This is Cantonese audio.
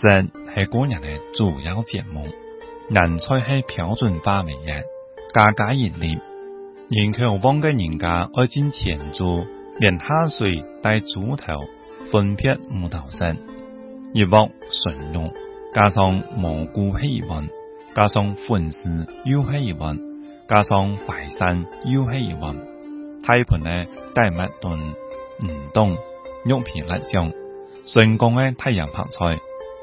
食係過年嘅主要節目，年菜係標準化嚟嘅，家家一律。人口旺嘅人家愛進前做，連蝦碎帶豬頭分別、粉片、五頭石，熱鑊純肉，加上蘑菇稀雲，加上粉絲係一碗，加上白山係一碗，梯盤呢帶麥燉、魚冬、肉皮辣醬，順江呢太陽拍菜。